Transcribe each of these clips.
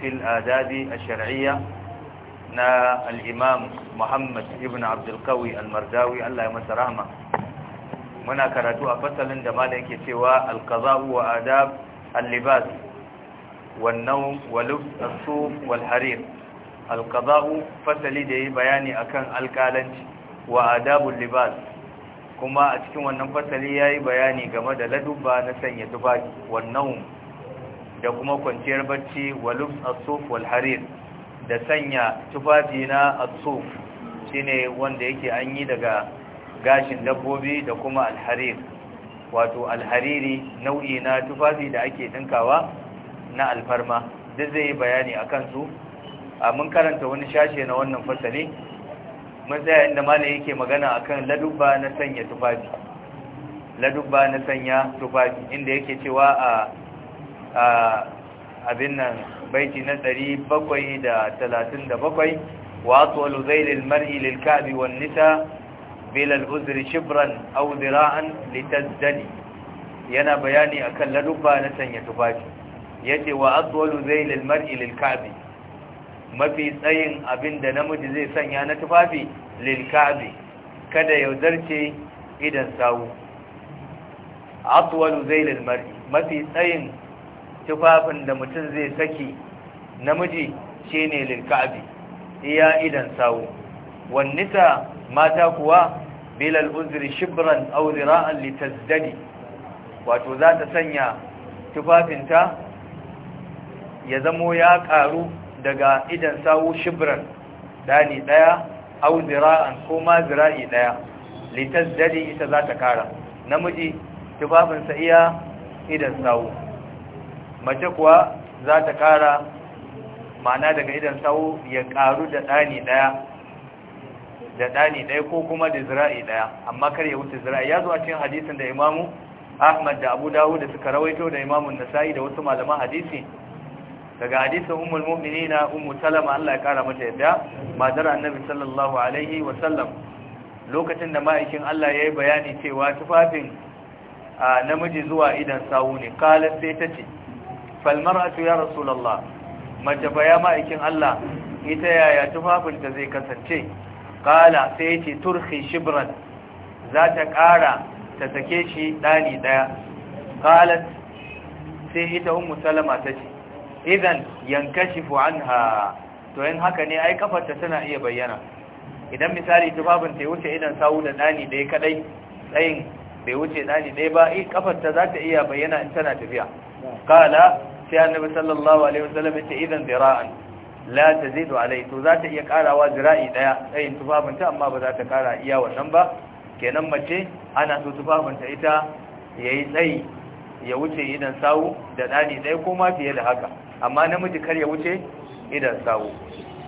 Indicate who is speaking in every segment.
Speaker 1: في الآداب الشرعية نا الإمام محمد ابن عبد القوي المرداوي الله يمس رحمه muna karatu a fasalin da malam yake cewa alqaza'u wa adab al-libas wan nawm wal as-suf wal fasali da yi bayani akan alƙalanci wa libas kuma a cikin wannan fasali yayi bayani game da ladubba na sanya tufafi wannan. da kuma kwanciyar bacci waluf asuf wal harir da sanya tufafi na asuf shine wanda yake an yi daga gashin dabbobi da kuma alharir wato alhariri nau'i na tufafi da ake dinkawa na alfarma duk zai yi bayani a kansu a mun karanta wani shashe na wannan fasali mun tsaya inda malam yake magana akan ladubba na sanya tufafi ladubba na sanya tufafi inda yake cewa a abin nan baiti na 737 wa atwalu zailil mar'i lil ka'bi wan nisa Bilal al-uzri shibran aw dira'an litazdani yana bayani a kan ladubba na sanya tufafi yace wa atwalu zailil mar'i lil mafi tsayin abinda namiji zai sanya na tufafi lil kada ya zarce idan sawu atwalu zailil mar'i mafi tsayin tufafin da mutum zai saki namiji shi ne lilka'abi iya idan sawu wan mata kuwa bilal uzri shibran aw zira'an litazdadi wato za ta sanya tufafinta ya zamo ya karu daga idan sawu shibran dani daya aw zira'an ko ma zira'i daya litazdadi ita za ta kara namiji tufafinsa iya idan sawu mace kuwa za ta ƙara ma'ana daga idan sawo ya ƙaru da ɗani ɗaya da ɗani ɗaya ko kuma da zira'i ɗaya amma kar ya wuce zira'i ya zo a cikin hadisin da imamu ahmad da abu dawud da suka rawaito da imamu nasa'i da wasu malaman hadisi daga hadisin mu'mini na umu salama Allah ya kara mata yadda matar annabi sallallahu alaihi wa sallam lokacin da ma'aikin Allah ya yi bayani cewa tufafin namiji zuwa idan sawu ne kala sai ta ce. falmar'atu ya rasulallah mace fa ya ma'aikin Allah ita yaya tufafinta zai kasance kala sai ce turhi shibran za ta kara ta sake shi ɗani ɗaya. kala sai ita musalama ta ce. idan yankashifu ha to in haka ne ai kafarta tana iya bayyana idan misali tufafinta ya wuce idan sawu da ɗani ɗaya kaɗai tsayin bai wuce ɗani ɗaya ba kafarta eh, za ta iya bayyana in tana tafiya kala sai annabi sallallahu alaihi wasallam yace idan dira'an la tazidu alai to za ta iya karawa zira'i daya tsayin tufafinta amma ba za ta kara iya wannan ba kenan mace ana so tufafinta ita yayi tsayi ya wuce idan sawu da dani daya ko ma fiye da haka amma namiji kar ya wuce idan sawu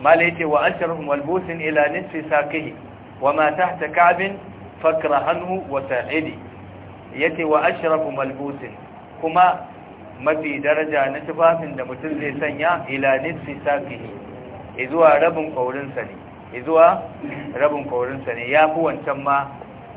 Speaker 1: malai yace wa asharhum walbusin ila nisfi saqihi wa ma tahta ka'bin fakrahanhu wa sa'idi yace wa ashrafu malbusin kuma mafi daraja na tufafin da mutum zai sanya ila nisfi izuwa rabin kaurinsa ne izuwa rabin kaurinsa ne ya fi wancan ma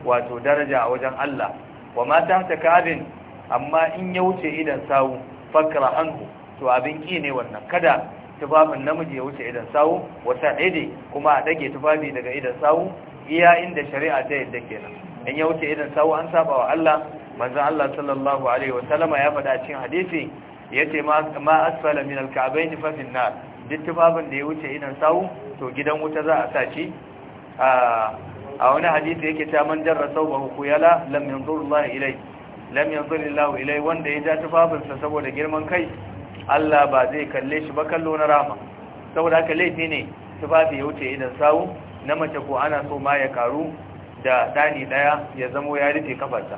Speaker 1: wato daraja a wajen Allah wa mata ta kabin amma in ya wuce idan sawu fakara hanku, to abin ki ne wannan kada tufafin namiji ya wuce idan sawu wata ɗaiɗe kuma a ɗage tufafi daga idan sawu iya inda shari'a ta yadda kenan in ya wuce idan sawu an saba wa Allah manzon Allah sallallahu alaihi wasallama ya fada cikin hadisi yace ma ma asfala min al-ka'bayn fa duk tufafin da ya wuce idan sawu to gidan wuta za a saci a wani hadisi yake ta man jarra sawbahu khuyala lam yanzur Allah ilai lam yanzur Allah ilai wanda ya ja tufafinsa saboda girman kai Allah ba zai kalle shi ba kallo na rama saboda haka laifi ne tufafi ya wuce idan sau na mace ko ana so ma ya karu da dani daya ya zamo ya rufe kafarsa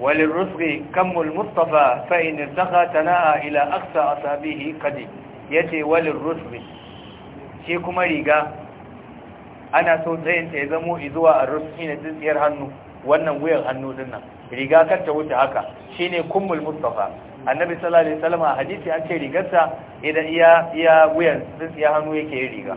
Speaker 1: وللرسل كم المصطفى فإن ارتقى تناء إلى أقصى أصابه قد يتي وللرسل shi kuma riga ana so tsayinta ya zamo izuwa a rufi na tsintsiyar hannu wannan wuyan hannu dinnan riga kar wuce haka shine kummul mustafa annabi sallallahu alaihi wasallam a hadisi an ce rigarsa idan iya iya wuyan tsintsiyar hannu yake yi riga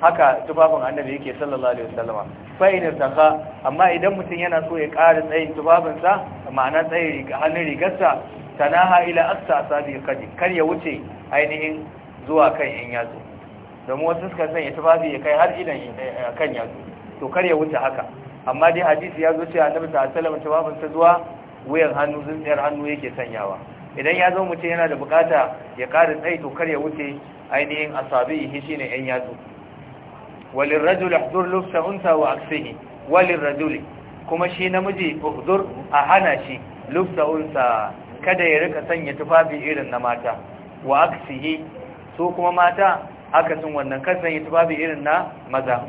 Speaker 1: haka tufafin annabi yake sallallahu alaihi wasallama fa in saka amma idan mutum yana so ya ƙara tsayin tufafin sa ma'ana tsayin hannun rigarsa tanaha ila aqsa asabi kadi kar ya wuce ainihin zuwa kan yan yatsu domin wasu suka sanya tufafi ya kai har idan eh, kan yatsu to kar ya wuce haka amma dai hadisi ya zo cewa annabi sallallahu alaihi wasallam tufafin sa zuwa wuyan hannu tsintsiyar hannu yake sanyawa idan ya zo mutum yana da bukata ya ƙara tsayi to kar ya wuce ainihin asabi shi ne yan yatsu walin rajul ahdur lufsa unsa wa aksihi walin rajul kuma shi namiji uhdur a hana shi lufsa unsa kada ya rika sanya tufafi irin na mata wa aksihi su kuma mata aka akasin wannan kan sanya tufafi irin na maza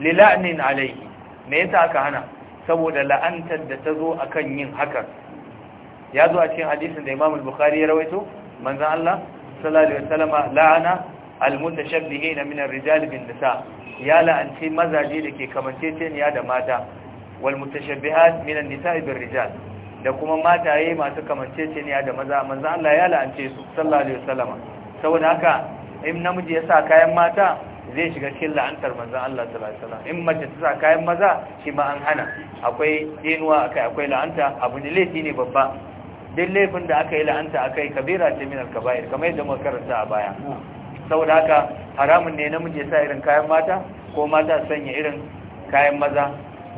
Speaker 1: lila'nin alaihi me yasa aka hana saboda la'antar da ta zo akan yin hakan ya zo a cikin hadisin da Imam bukhari ya rawaito manzon Allah sallallahu alaihi wasallam la'ana al-mutashabbihin min ar-rijal bin nisa ya la'anci mazaje da ke kamanceceniya da mata wal mutashabbihat minan nisa'i bir rijal da kuma mataye masu kamanceceniya da maza manzo Allah ya la'ance su sallallahu alaihi wasallama saboda haka in namiji ya sa kayan mata zai shiga cikin la'antar manzo Allah sallallahu alaihi wasallam in mace ta sa kayan maza shi ma an hana akwai dinuwa akai akwai la'anta abu ne laifi ne babba duk laifin da aka yi la'anta akai kabira ce min al-kaba'ir kamar yadda muka karanta a baya saboda haka haramun ne namiji ya sa irin kayan mata ko mata sanya irin kayan maza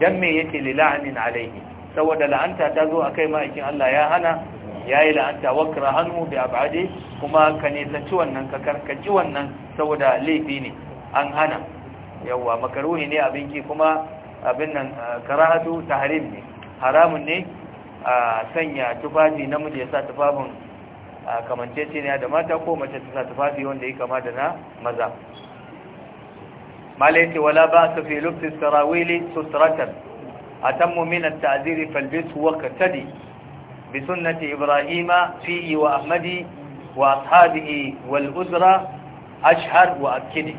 Speaker 1: dan me yake lila'anin alaihi saboda la'anta ta zo a akai ma'aikin Allah ya hana yayi la'anta wakra hannu bi abadi kuma ka ne ta ci wannan ka karkaci wannan saboda laifi ne an hana yawa makaruhi ne abin ki kuma abin nan karahatu tahrim ne haramun ne a sanya tufafi namiji ya sa tufafin kamanceceniya da mata ko mace ta sa tufafi wanda ya kama da na maza ce wala ba su fi lufti sarawili sutratar a tammu minar ta'aziri falbisu wa katadi bi sunnati ibrahima fi'i wa ahmadi wa ashabihi wal uzra ashhar wa akidi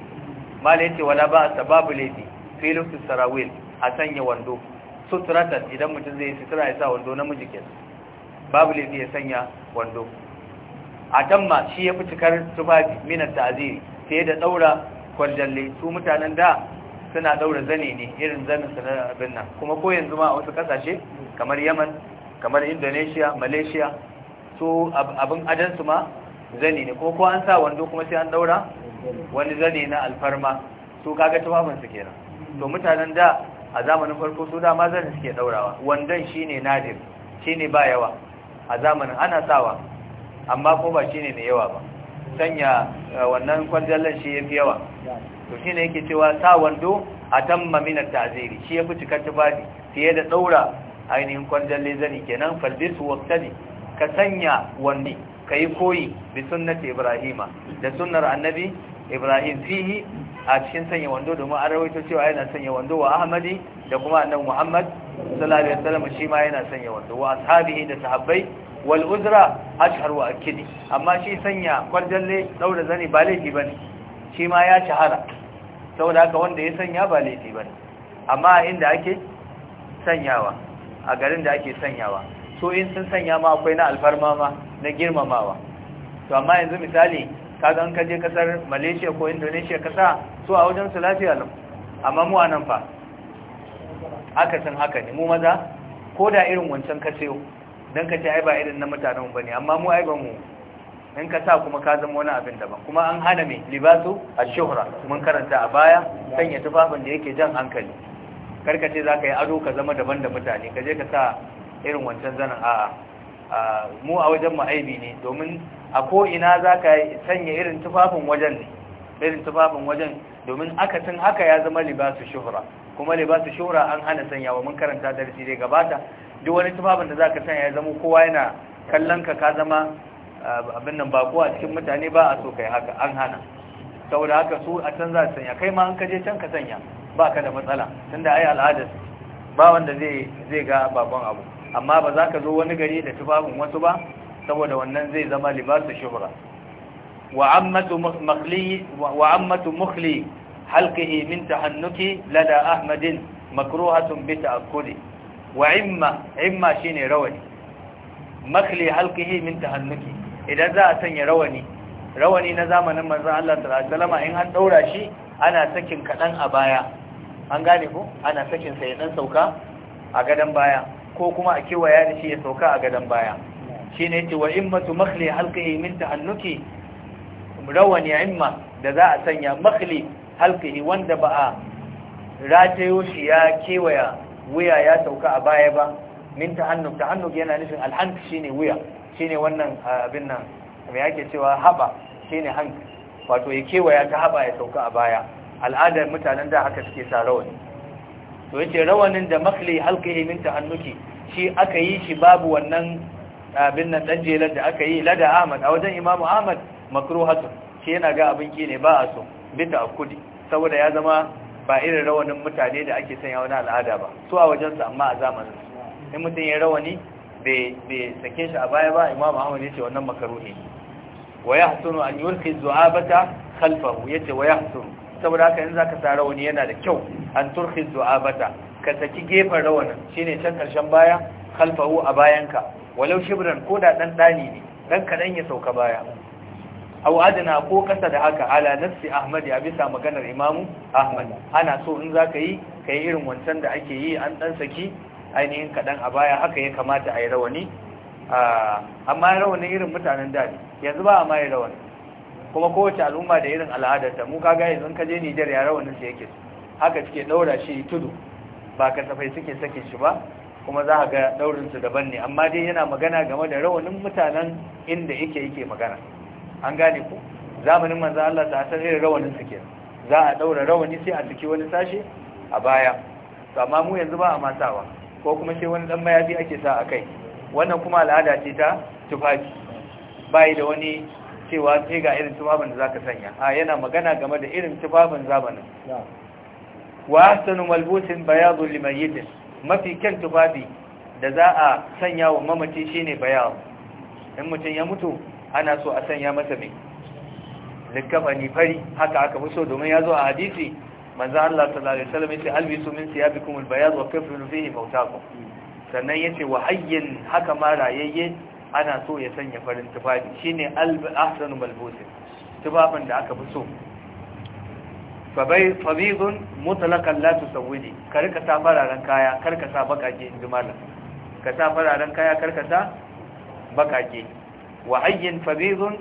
Speaker 1: ce wala ba su babu laifi fi lufti sarawil a sanya wando sutratar idan mutum zai sutura ya sa wando namiji kenan babu laifi ya sanya wando a ma shi ya fi cikar tufafi minar ta'aziri fiye da daura kwaljalle su mutanen da suna daura zane ne irin zane su na abin nan kuma ko yanzu ma a wasu kasashe kamar Yaman kamar Indonesia Malaysia su abin adansu ma zane ne ko ko an sa wando kuma sai an daura wani zane na alfarma su kaga tufafin su kenan to mutanen da a zamanin farko su dama zane suke daurawa wandon shine nadir shine ba yawa a zamanin ana sawa amma ko ba shine mai yawa ba sanya eh, wannan kwandalan shi fi yawa to ne yake cewa sa wando a min at-ta'ziri shi yafi cikar tufafi fiye da daura ainihin kwandalle zani kenan falbisu waqtani ka sanya ka yi koyi bi sunnati ibrahima da sunnar annabi ibrahim fihi a cikin sanya wando domin an rawaito cewa yana sanya wando wa ahmadi da kuma annabi muhammad sallallahu alaihi wasallam shi ma yana sanya wando wa ashabihi da sahabbai wal a ashhar wa akidi amma shi sanya kwarjalle daura zani ba laifi bane shi ma ya shahara saboda haka wanda ya sanya ba laifi bane amma inda ake sanyawa a garin da ake sanyawa so in sun sanya ma akwai na alfarma ma na girmamawa to amma yanzu misali kaga an kaje kasar Malaysia ko Indonesia ka sa so a wajen su lafiya lam amma mu anan fa aka san haka ne mu maza ko da irin wancan kasewo don ka ce ai ba irin na mutanen ba ne amma mu ai ba mu in ka sa kuma ka zama wani abin daban kuma an hana mai libasu a shuhra mun karanta a baya sanya tufafin da yake jan hankali karka ce za ka yi ado ka zama daban da mutane ka je ka sa irin wancan zanen a mu a wajen ma'aibi ne domin a ko'ina za ka sanya irin tufafin wajen ne irin tufafin wajen domin akasin haka ya zama libasu shuhra kuma libasu shura an hana sanya wa mun karanta darasi dai gabata duk wani tufafin da zaka sanya ya zama kowa yana kallon ka ka zama ah, abin nan bako a cikin mutane ba a so kai haka an hana saboda haka su a can za su sanya kai ma an kaje can ka sanya ba ka da matsala tunda ai al'ada ba wanda zai zai ga babban abu amma ba za ka zo wani gari da tufafin wasu ba saboda wannan zai zama libasu shuhra wa ammatu mukhli wa ammatu mukhli halqihi min tahannuki lada ahmadin makruhatun bi ta'akkuli wa imma imma shine rawani makli halqihi min tahannuki idan za a sanya rawani rawani na zamanin manzon Allah sallallahu alaihi wasallam in an daura shi ana sakin kadan a baya an gane ko ana sakin sa ya dan sauka a gadan baya ko kuma a kewaya da shi ya sauka a gadan baya shine yace wa immatu makli halqihi min tahannuki rawani imma da za a sanya makli halkihi wanda ba a ratayo shi ya kewaya wuya ya sauka a baya ba min tahannuk tahannuk yana nufin alhank shine wuya shine wannan ah, abin nan me yake cewa haba shine hank wato ya kewaya ta haba ya sauka a baya al'adar mutanen da haka suke sa rawani to yace rawanin da makli halkihi min ki shi aka yi shi babu wannan abin nan dan jelar da aka yi lada Ahmad a wajen Imam Ahmad makruhatun shi yana ga abin ki ne ba a so bita akudi saboda ya zama ba irin rawanin mutane da ake sanya wani al'ada ba su a wajensu amma a zamanin in mutum ya rawani bai sake shi a baya ba imam ahmad yace wannan makaruhi wa yahsunu an yulqi zu'abata khalfahu yace wa yahsunu saboda haka in zaka sa rawani yana da kyau an turqi bata ka saki gefen rawanin shine can karshen baya khalfahu a bayanka walau shibran ko da dan dani ne dan kadan ya sauka baya aw adna ko kasa da haka ala nafsi ahmad ya bisa maganar imamu ahmad ana so in ka yi yi irin wancan da ake yi an dan saki ainihin kadan a baya haka ya kamata a yi rawani amma rawani irin mutanen dadi yanzu ba a ma yi rawani kuma kowace al'umma da irin al'adarta mu kaga yanzu ka je Nijar ya rawanin su yake haka suke daura shi tudu ba kasafai suke sake shi ba kuma za ka ga ɗaurinsu daban ne amma dai yana magana game da rawanin mutanen inda yake yake magana an gane ku zamanin manzan Allah ta san irin rawanin su za a daura rawani sai a ciki wani sashi a baya to amma mu yanzu ba a masawa ko kuma sai wani dan mayafi ake sa a kai wannan kuma al'ada ce ta tufafi bai da wani cewa sai ga irin tufafin da zaka sanya a yana magana game da irin tufafin zamanin wa sanu malbusin mai limayyit mafi kyan tufafi da za a sanya wa mamaci shine bayan in mutum ya mutu ana so a sanya masa mai likafani fari haka aka fi so domin ya zo a hadisi manzo Allah sallallahu alaihi wasallam yace albisu min siyabikum albayad wa kafrun fihi mautakum sannan yace wa hayyin haka ma rayayye ana so ya sanya farin tufafi shine alb ahsanu malbusin tufafin da aka fi so fabai fabidun mutlaqan la tusawidi karka sa fararen kaya karka sa bakaje injimala ka sa fararen kaya karka sa bakaje wa ayyin fabizun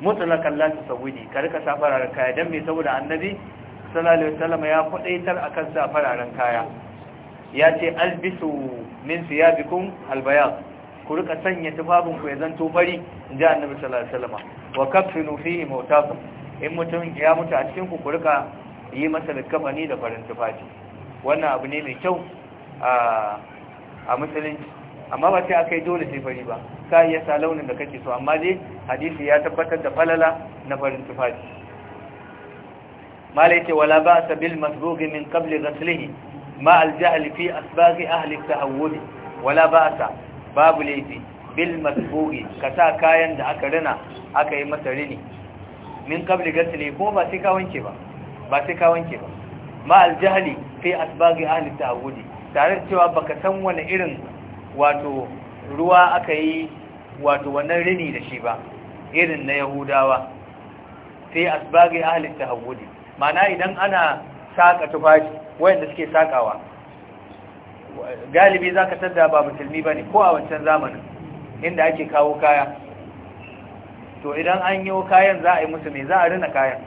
Speaker 1: mutlaqan la tusawwidi ka rika sa kaya dan me saboda annabi sallallahu alaihi wasallam ya kudaitar akan sa kaya ya ce albisu min siyabikum albayad ku rika sanya tufafin ku ya zanto fari Inda annabi sallallahu alaihi wasallam wa kafinu fihi mawtakum in mutum ya mutu a cikin ku ku rika yi masa likafani da farin tufafi wannan abu ne mai kyau ah, a musulunci amma ba sai akai dole sai fari ba ka iya sa launin da kake so amma dai hadisi ya tabbatar da falala na farin tufafi malai ce wala ba sa bil masbugh min qabl ghaslihi ma al jahl fi asbaghi ahli tahawwud wala ba sa babu laifi bil masbugh ka sa kayan da aka rina aka yi masa rini min qabl ghaslihi ko ba sai ka wanke ba ba sai ka wanke ba ma al jahli fi asbaghi ahli tahawwud tare da cewa baka san wani irin wato ruwa aka yi wato wannan rini da shi ba irin na yahudawa sai asbagi ahalin tahawudi mana idan ana saka tufafi wayanda suke sakawa galibi za ka tadda ba musulmi ba ne ko a wancan zamanin inda ake kawo kaya to idan an yi kayan za a yi musu mai za a rina kayan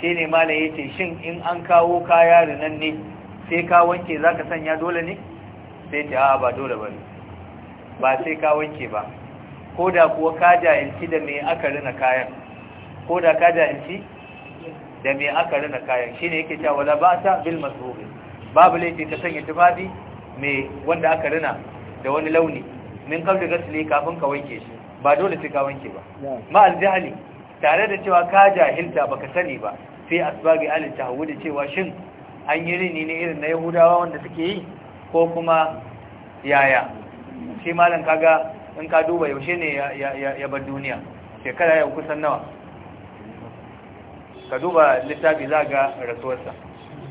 Speaker 1: shi ne ma na yace shin in an kawo kaya rinan ne sai ka wanke za ka sanya dole ne sai ce a ba dole ba ne ba sai ka wanke ba ko da kuwa ka jahilci da mai aka rina kayan ko da ka jahilci da mai aka rina kayan shi ne yake cewa wala ba ta bil masruhi babu laifi ka sanya tufafi mai wanda aka rina da wani launi min kabda gasli kafin ka wanke shi ba dole sai ka wanke ba ma aljahali tare da cewa ka jahilta baka sani ba sai asbabi alin tahawudi cewa shin an yi rini ne irin na yahudawa wanda suke yi ko kuma yaya shi malam kaga in ka duba yaushe ne ya bar duniya shekara ya kusan nawa ka duba littafi za ga rasuwarsa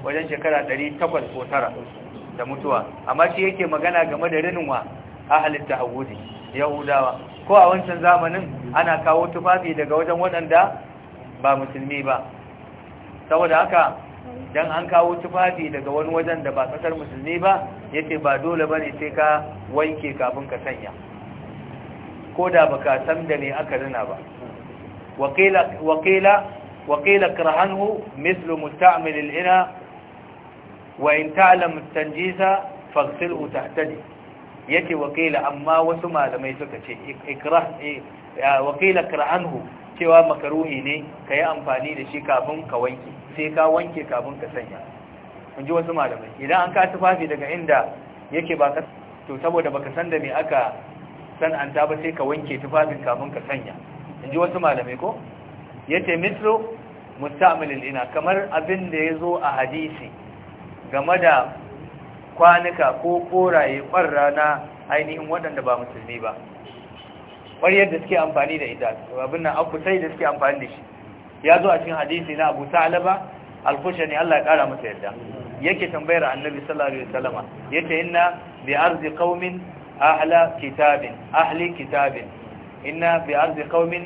Speaker 1: wajen shekara 800 ko tara da mutuwa amma shi yake magana game da rininwa a halitta a hagudi yahudawa ko a wancan zamanin ana kawo tufafi daga wajen waɗanda ba musulmi ba saboda haka dan an kawo tufafi daga wani wajen da ba kasar musulmi ba yace ba dole bane sai ka wanke kafin ka sanya ko da baka san da ne aka rina ba waqila waqila waqila karahanhu mislu musta'mil al-ina wa in ta'lam tanjisa tahtadi yace amma wasu malamai suka ce ikrah wakila kar'anhu cewa makaruhi ne ka yi amfani da shi kafin ka wanke sai ka wanke kafin ka sanya in ji wasu malamai idan an ka tufafi daga inda yake ba ka to saboda baka san da me aka san an ta ba sai ka wanke tufafin kafin ka sanya in ji wasu malamai ko yace mitro mustamilil ina kamar abin da ya zo a hadisi game da kwanuka ko koraye kwarra na ainihin waɗanda ba musulmi ba ƙwariyar da suke amfani da ita abin nan abu sai da suke amfani da shi ya zo a cikin hadisi na abu talaba alfusha ne Allah ya kara masa yadda yake tambayar annabi sallallahu alaihi wasallama yace inna bi arzi qaumin ahla kitabin ahli kitabin inna bi arzi qaumin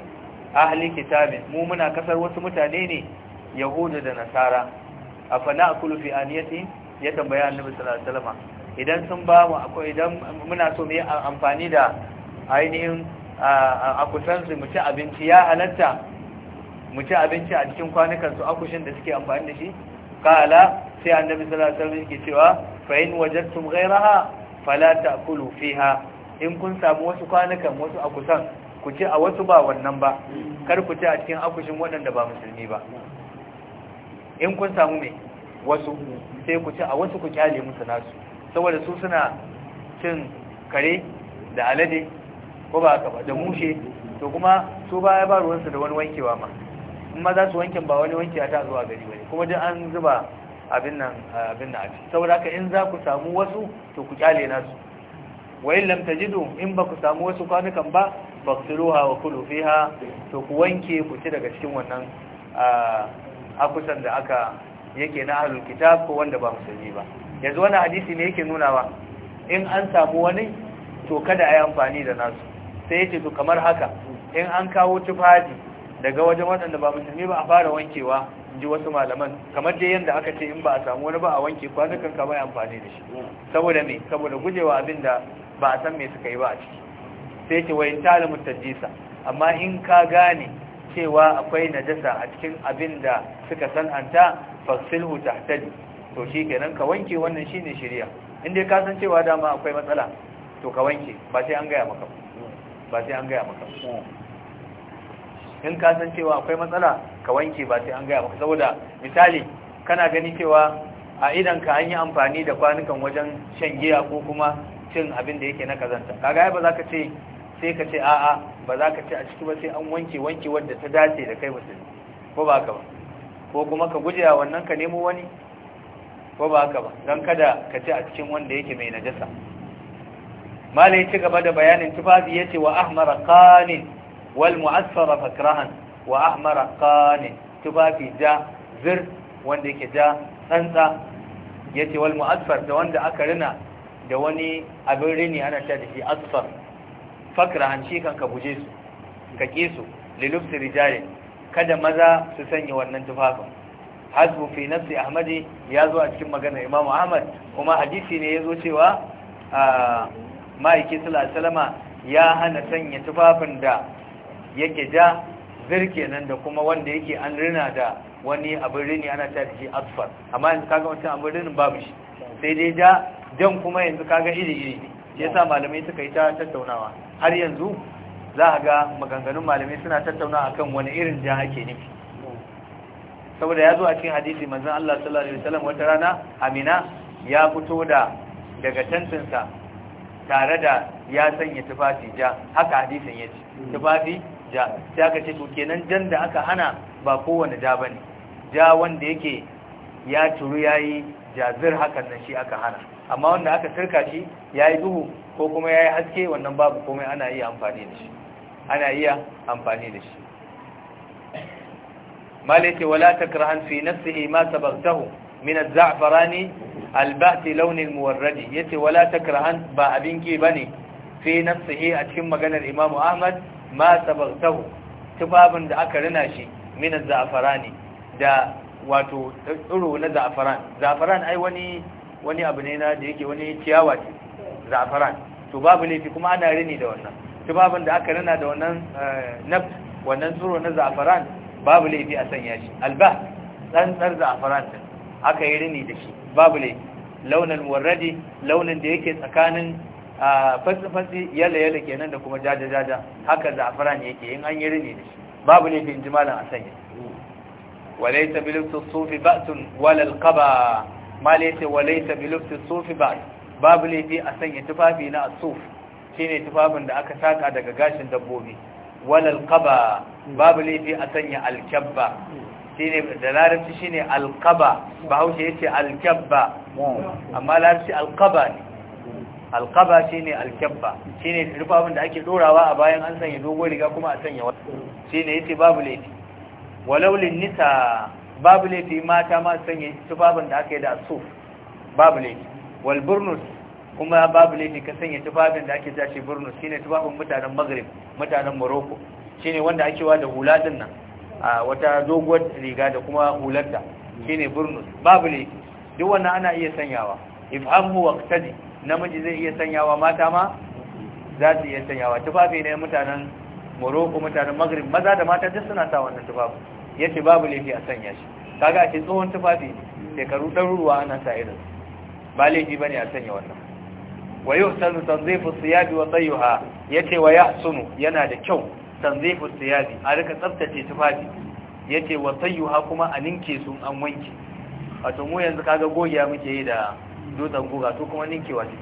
Speaker 1: ahli kitabin mu muna kasar wasu mutane ne yahuda da nasara afana akulu fi aniyati ya tambaya annabi sallallahu alaihi wasallama idan sun ba mu akwai idan muna so mu yi amfani da ainihin a kusansu mu ci abinci ya halatta mu ci abinci a cikin su akushin da suke amfani da shi kala sai annabi sallallahu alaihi wasallam yake cewa fa in wajadtum ghayraha fala ta'kulu fiha in kun samu wasu kwanukan wasu akusan ku ci a wasu ba wannan ba kar ku ci a cikin akushin waɗanda ba musulmi ba in kun samu me wasu sai ku ci a wasu ku kyale musu nasu saboda su suna cin kare da alade ko ba ka ba da mushe to kuma su baya ba ruwansu da wani wankewa ma in ma za su wankin ba wani wankewa ta zuwa gari bane kuma duk an zuba abin nan abin nan saboda ka in za ku samu wasu to ku kyale nasu wa in lam tajidu in ba ku samu wasu kwanukan ba baktiruha wa kulu fiha to ku wanke ku ci daga cikin wannan akusan da aka yake na ahlul kitab ko wanda ba musulmi ba yanzu wannan hadisi ne yake nunawa in an samu wani to kada a yi amfani da nasu sai ce to kamar haka in an kawo tufafi daga wajen waɗanda ba musulmi ba a fara wankewa ji wasu malaman kamar dai yadda aka ce in ba a samu wani ba a wanke kwanukan ka bai amfani da shi saboda me saboda gujewa abinda da ba a san me suka yi ba a ciki sai ce wayin talamu tajisa amma in ka gane cewa akwai najasa a cikin abin da suka anta fasilhu tahtadi to shi kenan ka wanke wannan shine shari'a in dai ka san cewa dama akwai matsala to ka wanke ba sai an gaya maka ba ba sai an gaya maka in ka san cewa akwai matsala ka wanke ba sai an gaya maka saboda misali kana gani cewa a idan ka an yi amfani da kwanukan wajen shan giya ko kuma cin abin da yake na kazanta kaga ba za ka ce sai ka ce a'a ba za ka ce a ciki ba sai an wanke wanke wadda ta dace da kai musulmi ko ba ka ba ko kuma ka guje a wannan ka nemo wani ko ba ka ba don kada ka ce a cikin wanda yake mai najasa malai ci gaba da bayanin tufafi ya ce wa ahmara qanin wal mu'assara fakrahan wa ahmara qanin tufafi ja zir wanda yake ja tsantsa ce wal mu'assar da wanda aka rina da wani abin rini ana ta da shi asfar fakrahan shi kan ka su ka ki su lilubsi rijalin kada maza su sanya wannan tufafin hasbu fi nafsi ahmadi ya zo a cikin magana imamu ahmad kuma hadisi ne ya zo cewa ah, ma'aiki salama ya hana sanya tufafin da yake ja zirke nan da kuma wanda yake an rina da wani abin rini ana ta shi asfar amma yanzu kaga wancan abin rinin babu shi sai dai ja jan kuma yanzu kaga iri-iri ya sa malamai suka yi ta tattaunawa har yanzu za a ga maganganun malamai suna tattaunawa akan wani irin ja ake nufi saboda ya zo a cikin hadisi manzon Allah sallallahu alaihi wasallam wata rana Amina ya fito da daga tantinsa tare da ya sanya tufafi ja haka hadisin ya ce hmm. tufafi ja sai aka ce kenan jan da aka hana ba kowane ja ba ne ja wanda yake ya turu ya yi jazir hakan nan shi aka hana amma wanda aka turka shi ya yi duhu ko kuma ya yi haske wannan babu komai ana iya amfani da shi ana iya amfani da shi malaka wala takrahan fi nafsihi ma sabaqtahu min az-za'farani alba'ti launin muwarradi yace wala takrahan ba abin ki bane fi nafsihi a cikin maganar Imam Ahmad ma sabaqtahu tubabin da aka rina shi min az-za'farani da wato tsiro na za'faran za'faran ai wani wani abu ne na da yake wani ciyawa ce za'faran to babu laifi kuma ana rini da wannan tubabin da aka rina da wannan eh, wannan na babu laifi a sanya shi tsar aka yi rini da shi babu ne launin warradi launin da yake tsakanin fasifasi yala-yala kenan da kuma jaja-jaja haka za'afiran yake yin an yi rini da shi babu ne bin jimalin a sanya walaita biliftus sufi batun, walal kaba malaita walaita biliftus sufi bat. babu ne a sanya tufafi na asuf ne tufafin da aka saka daga gashin dabbobi walal kaba babu laifi a sanya alkyabba shine da larabci shine alqaba bahaushe yace alkabba amma larabci alqaba ne alqaba shine alkabba shine abin da ake dorawa a bayan an sanya dogon riga kuma a sanya wata shine yace babu laifi walau nisa babu laifi mata ma sanya tufafin da ake da asuf babu laifi wal burnus kuma babu laifi ka sanya tufafin da ake tashi burnus shine tufafin mutanen maghrib mutanen morocco shine wanda ake wa da hula din nan A wata doguwar riga da kuma hularta shine burnus babu ne duk wannan ana iya sanyawa ifhamhu waqtadi namiji zai iya sanyawa mata ma za su iya sanyawa tufafi ne mutanen Morocco mutanen Maghrib maza da mata duk suna sa wannan tufafi yace babu laifi a sanya shi kaga a tsohon tufafi shekaru ɗaruruwa ana sa irin ba laifi bane a sanya wannan wa yuhsanu tanzifu siyabi wa tayyuha yace wa yahsunu yana da kyau tanzifu siyabi a rika tsaftace tufafi yace wa sayyuha kuma a ninke su an wanke wato mu yanzu kaga gogiya muke yi da dutsen guga to kuma wa take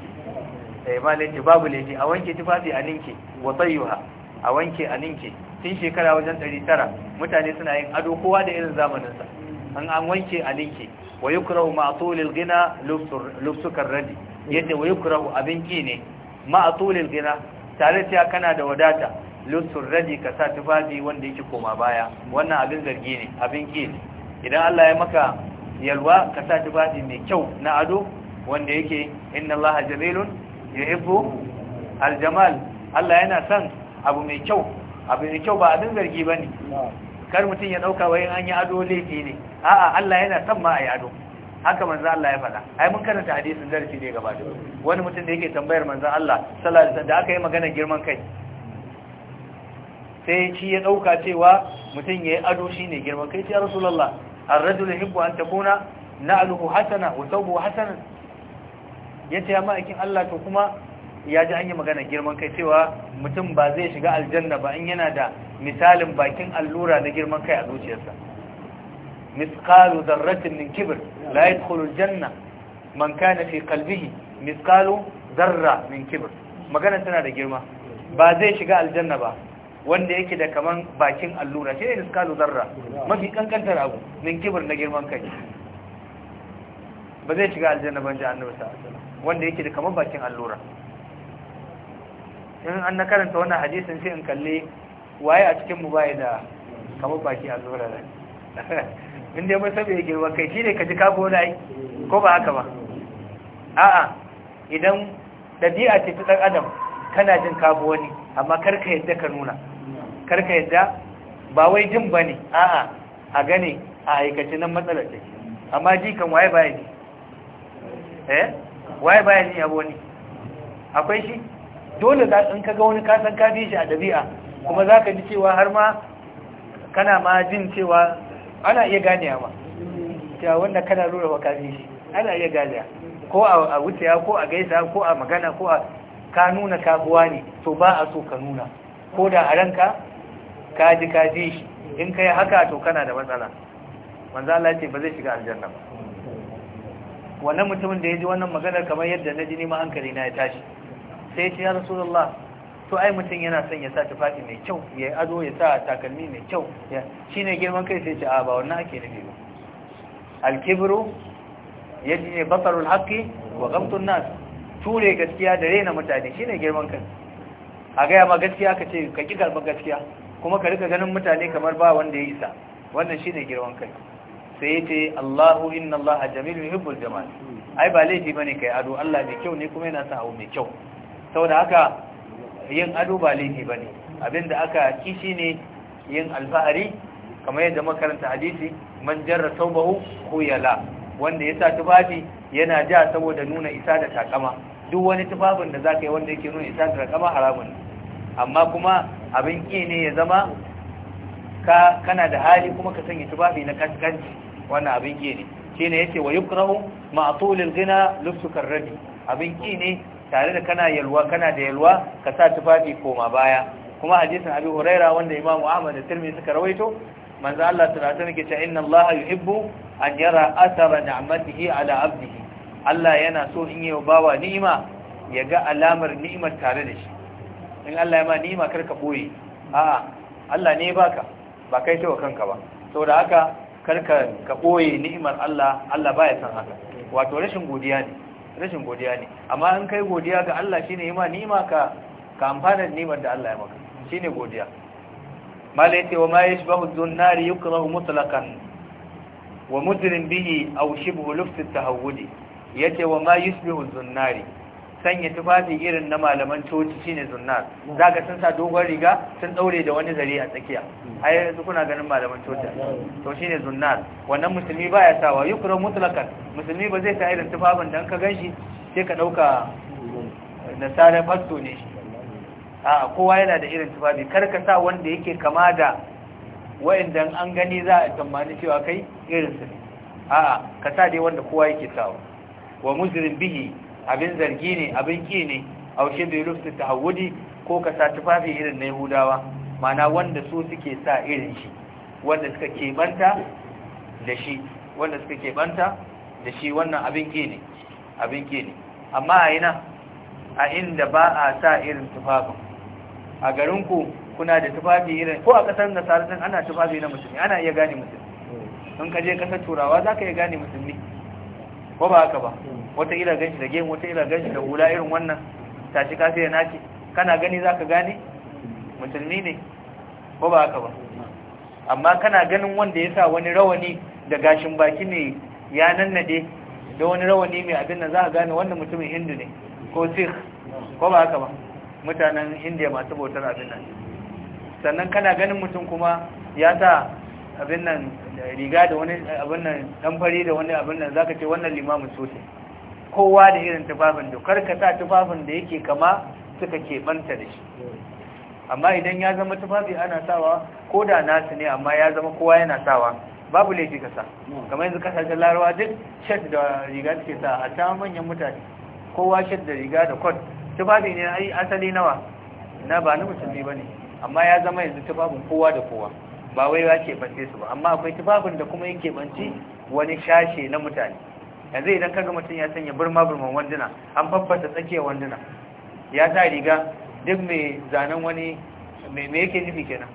Speaker 1: sai ba lati babu laifi a wanke tufafi a ninke wa sayyuha a wanke a ninke tun shekara wajen ɗari tara mutane suna yin ado kowa da irin sa an an wanke a ninke wa yukrahu ma'tulil gina lufsukar radi yadda wa yukrahu abin ki ne ma'tulil gina tare cewa kana da wadata lutur radi ka sa tufafi wanda yake koma baya wannan abin zargi ne abin ki idan Allah ya maka yalwa ka sa tufafi mai kyau na ado wanda yake inna Allah jamilun yuhibbu aljamal Allah yana son abu mai kyau abu mai kyau ba abin zargi bane kar mutum ya dauka wai an yi ado laifi ne a'a Allah yana son ma ayi ado haka manzo Allah ya faɗa ai mun karanta hadisin darasi ne gaba da wani mutum da yake tambayar manzo Allah sallallahu alaihi wasallam da aka yi magana girman kai sai shi ya ɗauka cewa mutum ya yi ado ne girman kai ya rasulullah ar da yuhibbu an na na'luhu hasana wa hasana Ya ce ya ma'aikin Allah to kuma ya ji an yi magana girman kai cewa mutum ba zai shiga aljanna ba in yana da misalin bakin allura na girman kai a zuciyarsa misqalu zarratin min kibr la yadkhulu aljanna man kana fi qalbihi misqalu zarra min kibr magana tana da girma ba zai shiga aljanna ba wanda yake da kaman bakin allura shi ne iskalu zarra mafi kankantar abu min kibir na girman kai ba zai shiga aljanna ban jahannama sa wanda yake da kaman bakin allura in an na karanta wannan hadisin sai in kalli waye a cikin mu bai da kaman baki allura ne in dai mun saboda girman kai shine ka ji ka gona ai ko ba haka ba a'a idan dabi'a ce ta dan adam kana jin ka wani amma kar ka yadda ka nuna karka yadda ba wai jin ba ne a'a a gane a aikace nan matsalar shi. amma ji kan waye baya ne eh waye baya ne abu wani akwai shi dole za in ka ga wani kasan ka bi shi a ɗabi'a kuma za ka ji cewa har ma kana ma jin cewa ana iya ganewa ma cewa wanda kana lura wa ka shi ana iya ganewa ko a wucewa ko a gaisa ko a magana ko a ka nuna kabuwa ne to ba a so ka nuna ko da a ranka kaji kaji shi in kai haka to kana da matsala manzo Allah ce ba zai shiga aljanna ba wannan mutumin da ya ji wannan maganar kamar yadda na ji ni ma hankali na ya tashi sai ya ce ya rasulullah to ai mutum yana son ya sa tufafi mai kyau ya yi ado ya sa takalmi mai kyau shine girman kai sai ce a ba wannan ake nufi ba alkibru yaji ne basarul haqqi wa ghamtun nas ture gaskiya da rena mutane shine girman kai a gaya ma gaskiya ka ce ka ƙi karɓar gaskiya kuma ka rika ganin mutane kamar ba wanda ya isa wannan shine girman kai sai yace Allahu inna Allaha jamilu yuhibbul jamal ai ba laifi bane kai ado Allah mai kyau ne kuma yana sa abu mai kyau saboda haka yin ado ba laifi bane abinda aka kishi ne yin alfahari kamar yadda makaranta hadisi man jarra tawbahu khuyala wanda ya sa tufafi yana ja saboda nuna isa da takama duk wani tufafin da zaka yi wanda yake nuna isa da takama haramun amma kuma abin ƙi ne ya zama ka kana da hali kuma ka sanya tubabi na kaskanci wannan abin ƙi ne shi ne yace wa yukrahu ma'tulil gina lufsukar rabi abin ƙi ne tare da kana yalwa kana da yalwa ka sa tufafi koma baya kuma hadisin Abi Huraira wanda imamu Ahmad da Tirmidhi suka rawaito manzo Allah ta'ala yake cewa inna Allah yuhibbu an yara athara ni'matihi ala 'abdihi Allah yana so in yi bawa ni'ima ya ga alamar ni'imar tare da shi in Allah ya ma ni kar ka boye a'a Allah ne baka ba kai wa kanka ba saboda haka kar ka boye ni'imar Allah Allah baya san haka wato rashin godiya ne rashin godiya ne amma in kai godiya ga Allah shine ya ma ni ka ka amfana da ni'imar da Allah ya maka shine godiya malai ce wa ma yashbahu dhunnari yukrahu mutlaqan wa mujrim bihi aw shibhu luft at-tahawudi yace wa ma yashbahu dhunnari sanya tufafi irin na malaman coci shine za zaka sun sa dogon riga sun daure da wani zare a tsakiya ai yanzu kuna ganin malaman coci to shine sunnar wannan musulmi baya sawa yukra mutlaqan musulmi ba zai sa irin tufafin dan ka ganshi sai ka dauka nasara fasto ne a kowa yana da irin tufafi kar ka sa wanda yake kama da waindan an gani za a tambani cewa kai irin su ne a'a ka sa dai wanda kowa yake sawa wa musulmi bihi abin zargi ne abin ki ne aushe bai ta tahawudi ko ka sa tufafi irin na yahudawa mana wanda su suke sa irin shi wanda suka keɓanta da shi wanda suka keɓanta da shi wannan abin ki ne abin ki ne amma a ina a inda ba a sa irin tufafin a garinku kuna da tufafi irin ko a ƙasar nasara din ana tufafi na musulmi ana iya gane musulmi in ka je ƙasar turawa za ka iya gane musulmi ko ba haka ba wata ila ganshi da gemu wata ila ganshi da hula irin wannan tashi kafi da naki kana gani zaka gane musulmi ne ko ba haka ba amma kana ganin wanda ya sa wani rawani da gashin baki ne ya nannade da wani rawani mai abin nan za gane wannan mutumin hindu ne ko sikh ko ba haka ba mutanen indiya masu bautar abin nan sannan kana ganin mutum kuma ya sa abin nan riga da wani abin nan dan fari da wani abin nan zaka ce wannan limamin sosai kowa da irin tufafin dokar ka sa tufafin da yake kama suka ke banta da shi amma idan ya zama tufafi ana sawa ko da nasu ne amma ya zama kowa yana sawa babu laifi ka sa kamar yanzu kasashe larawa duk shat da riga suke sa a ta manyan mutane kowa shat da riga da kot tufafi ne ai asali nawa na ba na musulmi ba ne amma ya zama yanzu tufafin kowa da kowa ba wai ya keɓance su ba amma akwai tufafin da kuma yake banci wani shashe na mutane yanzu idan kaga mutum ya sanya burma burman wanduna an babbata tsakiyar wanduna ya sa riga duk mai zanen wani me yake nufi kenan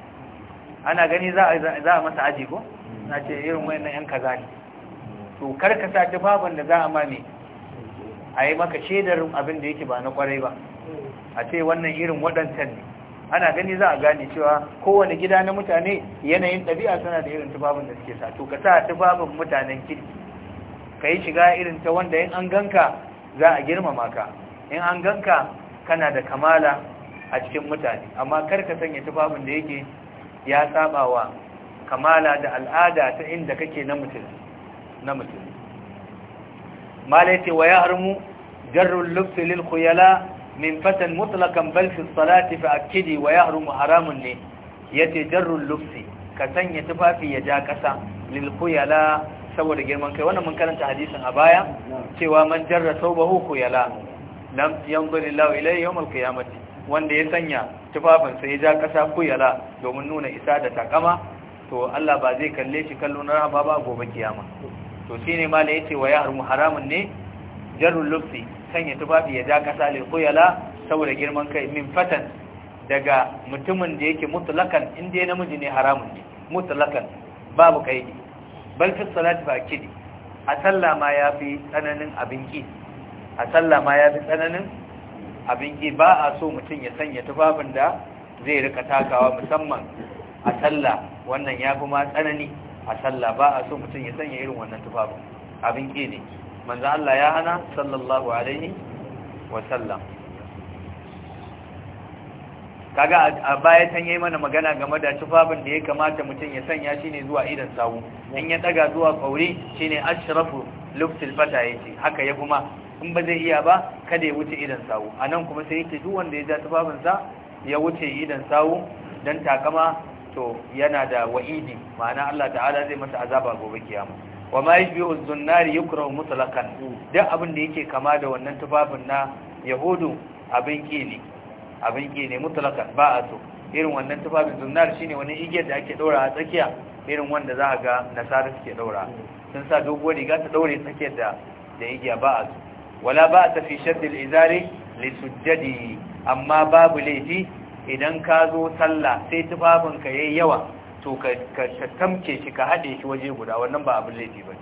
Speaker 1: ana gani za a masa aji ko na ce irin wani yan kaza ne to karka sa tufafin da za a mame a yi maka shaidar abin da yake ba na kwarai ba a ce wannan irin waɗancan ne ana gani za a gane cewa kowane gida na mutane yanayin ɗabi'a suna da irin tufafin da suke sa to ka sa tufafin mutanen kirki ka yi shiga irin ta wanda in an ganka za a girmama ka in an ganka kana da kamala a cikin mutane amma kar ka sanya tufafin da yake ya sabawa kamala da al'ada ta inda kake na mutum na mutum malai ce wa ya harmu jarrul lubsi lil khuyala min fatan mutlaqan bal fi salati fa akidi wa yahrumu haramun ne yace jarrul lubsi ka sanya tufafi ya ja kasa lil khuyala saboda girman kai wannan mun karanta hadisin a baya cewa man jarra thawbahu khuyala lam yanzur ilayhi yawm alqiyamati wanda ya sanya tufafin sai ya ja kasa khuyala domin nuna isa da takama to Allah ba zai kalle shi kallo na rahama ba gobe kiyama to shine ma ya yace wa ya haramun ne jarrul lubsi sanya tufafi ya ja kasa lil khuyala saboda girman kai min fatan daga mutumin da yake mutlakan inda ya namiji ne haramun ne mutlakan babu kai bal fi salati ba kidi a sallah ma fi tsananin abin ki a sallah ma fi tsananin abin ki ba a so mutum ya sanya tufafin da zai rika takawa musamman a sallah wannan fi ma tsanani a sallah ba a so mutum ya sanya irin wannan tufafin abin ki ne manzo Allah ya hana sallallahu alaihi wa sallam kaga a baya can yayi mana magana game da tufafin da ya kamata mutum ya sanya shine zuwa idan sawu in ya daga zuwa kauri shine ashrafu luftil fata yace haka ya kuma in ba zai iya ba kada ya wuce idan sawu anan kuma sai yake duk wanda ya ja tufafin sa ya wuce idan sawu dan takama to yana da wa'idi ma'ana Allah ta'ala zai masa azaba gobe kiyama wa ma yashbi'u az-zunnari yukrahu mutlaqan mm. duk abin da yake kama da wannan tufafin na yahudu abin kili abin ki ne mutlakan ba so irin wannan tufafin zunnar shine wani igiyar da ake daura a tsakiya irin wanda za a ga nasara suke daura sun sa doguwar riga ta daure tsakiyar da da igiya ba so wala ba tafi fi shadd al-izari li amma babu laifi idan ka zo sallah sai tufafin ka yayi yawa to ka tamke shi ka haɗe shi waje guda wannan ba abin laifi ba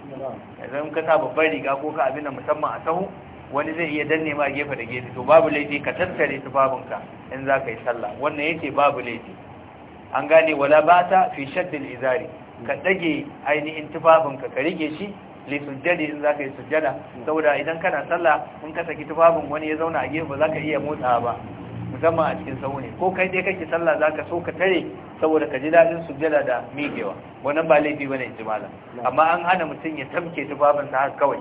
Speaker 1: idan ka sa babbar riga ko ka abin da musamman a sahu wani zai iya danne ma gefe da gefe to babu laifi ka tattare tufafinka in za ka yi sallah wannan yake babu laifi an gane wala bata fi shaddil izari ka ɗage ainihin tufafinka ka rike shi li sujjadi in ka yi sujjada saboda idan kana sallah in ka saki tufafin wani ya zauna a gefe ba za ka iya motsawa ba musamman a cikin sauni ko kai dai kake sallah za ka so ka tare saboda ka ji daɗin sujjada da miƙewa wannan ba laifi bane jimala amma an hana mutum ya tamke tufafinsa har kawai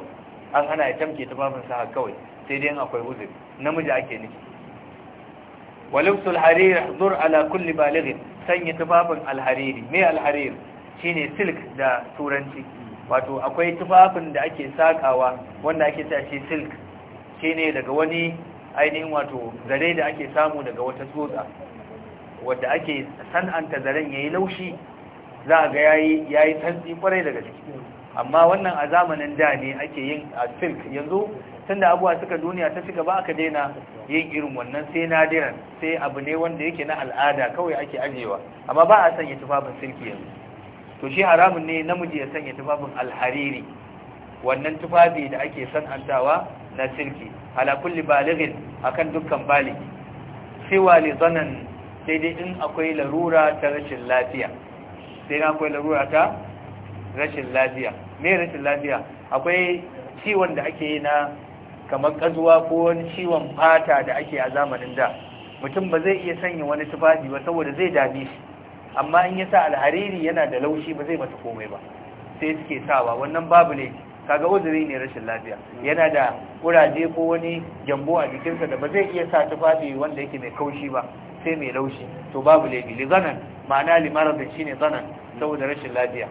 Speaker 1: an hana ya tamke tufafin saha kawai sai dai akwai uzuri namiji ake nufi walubsul harir zur ala kulli balighin sanya tufafin alhariri mai alharir shine silk da turanci wato akwai tufafin da ake sakawa wanda ake cewa shi silk shine daga wani ainihin wato zare da ake samu daga wata tsotsa wadda ake san'anta zaren yayi laushi za ga yayi yayi tantsi kwarai daga ciki amma wannan a zamanin da ne ake yin a silk yanzu tunda abuwa suka duniya ta cika ba aka daina yin irin wannan sai nadiran sai abu ne wanda yake na al'ada kawai ake ajewa amma ba a sanya tufafin silk yanzu to shi haramun ne namiji ya sanya tufafin alhariri wannan tufafi da ake san san'antawa na silki ala kulli balighin akan dukkan baligi siwa li zanan sai dai in akwai larura ta rashin lafiya sai na akwai larura ta rashin lafiya ne rashin lafiya akwai ciwon da ake yi na kamar kazuwa ko wani ciwon fata da ake a zamanin da mutum ba zai iya sanya wani tufafi ba saboda zai dame shi amma in ya sa alhariri yana da laushi ba zai mata komai ba sai suke sawa wannan babu ne kaga uzuri ne rashin lafiya yana da kuraje ko wani jambo a jikinsa da ba zai iya sa tufafi wanda yake mai kaushi ba sai mai laushi to babu laifi li zanan ma'ana limarar da shine zanan saboda rashin lafiya